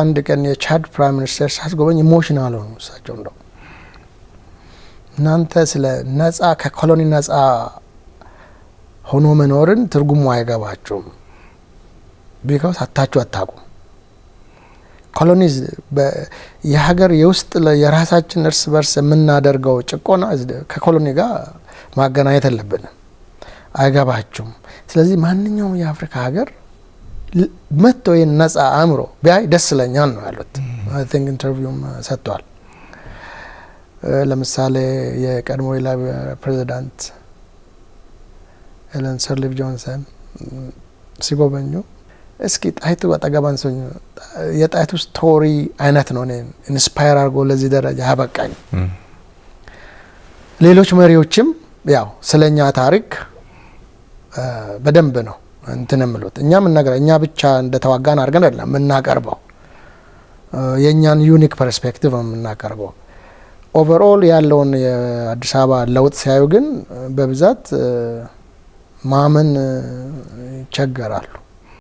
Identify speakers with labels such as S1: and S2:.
S1: አንድ ቀን የቻድ ፕራይም ሚኒስቴር ሳስጎበኝ ኢሞሽናል ሆኑ። እሳቸው እንደው እናንተ ስለ ነጻ ከኮሎኒ ነጻ ሆኖ መኖርን ትርጉሙ አይገባችሁም፣ ቢካውስ አታችሁ አታቁም። ኮሎኒዝ የሀገር የውስጥ የራሳችን እርስ በርስ የምናደርገው ጭቆና ከኮሎኒ ጋር ማገናኘት የለብንም። አይገባችሁም። ስለዚህ ማንኛውም የአፍሪካ ሀገር መጥቶ ይህን ነጻ አእምሮ ቢያይ ደስ ይለኛል ነው ያሉት። ን ኢንተርቪውም ሰጥቷል። ለምሳሌ የቀድሞ የላይቤሪያ ፕሬዚዳንት ኤለን ሰርሊቭ ጆንሰን ሲጎበኙ እስኪ ጣይቱ አጠገባን ሰኙ የጣይቱ ስቶሪ አይነት ነው እኔ ኢንስፓየር አድርጎ ለዚህ ደረጃ ያበቃኝ። ሌሎች መሪዎችም ያው ስለ እኛ ታሪክ በደንብ ነው እንትን የምሉት እኛ ምናገር እኛ ብቻ እንደተዋጋን አድርገን አይደለም የምናቀርበው የእኛን ዩኒክ ፐርስፔክቲቭ ነው የምናቀርበው። ኦቨርኦል ያለውን የአዲስ አበባ ለውጥ ሲያዩ ግን በብዛት ማመን ይቸገራሉ።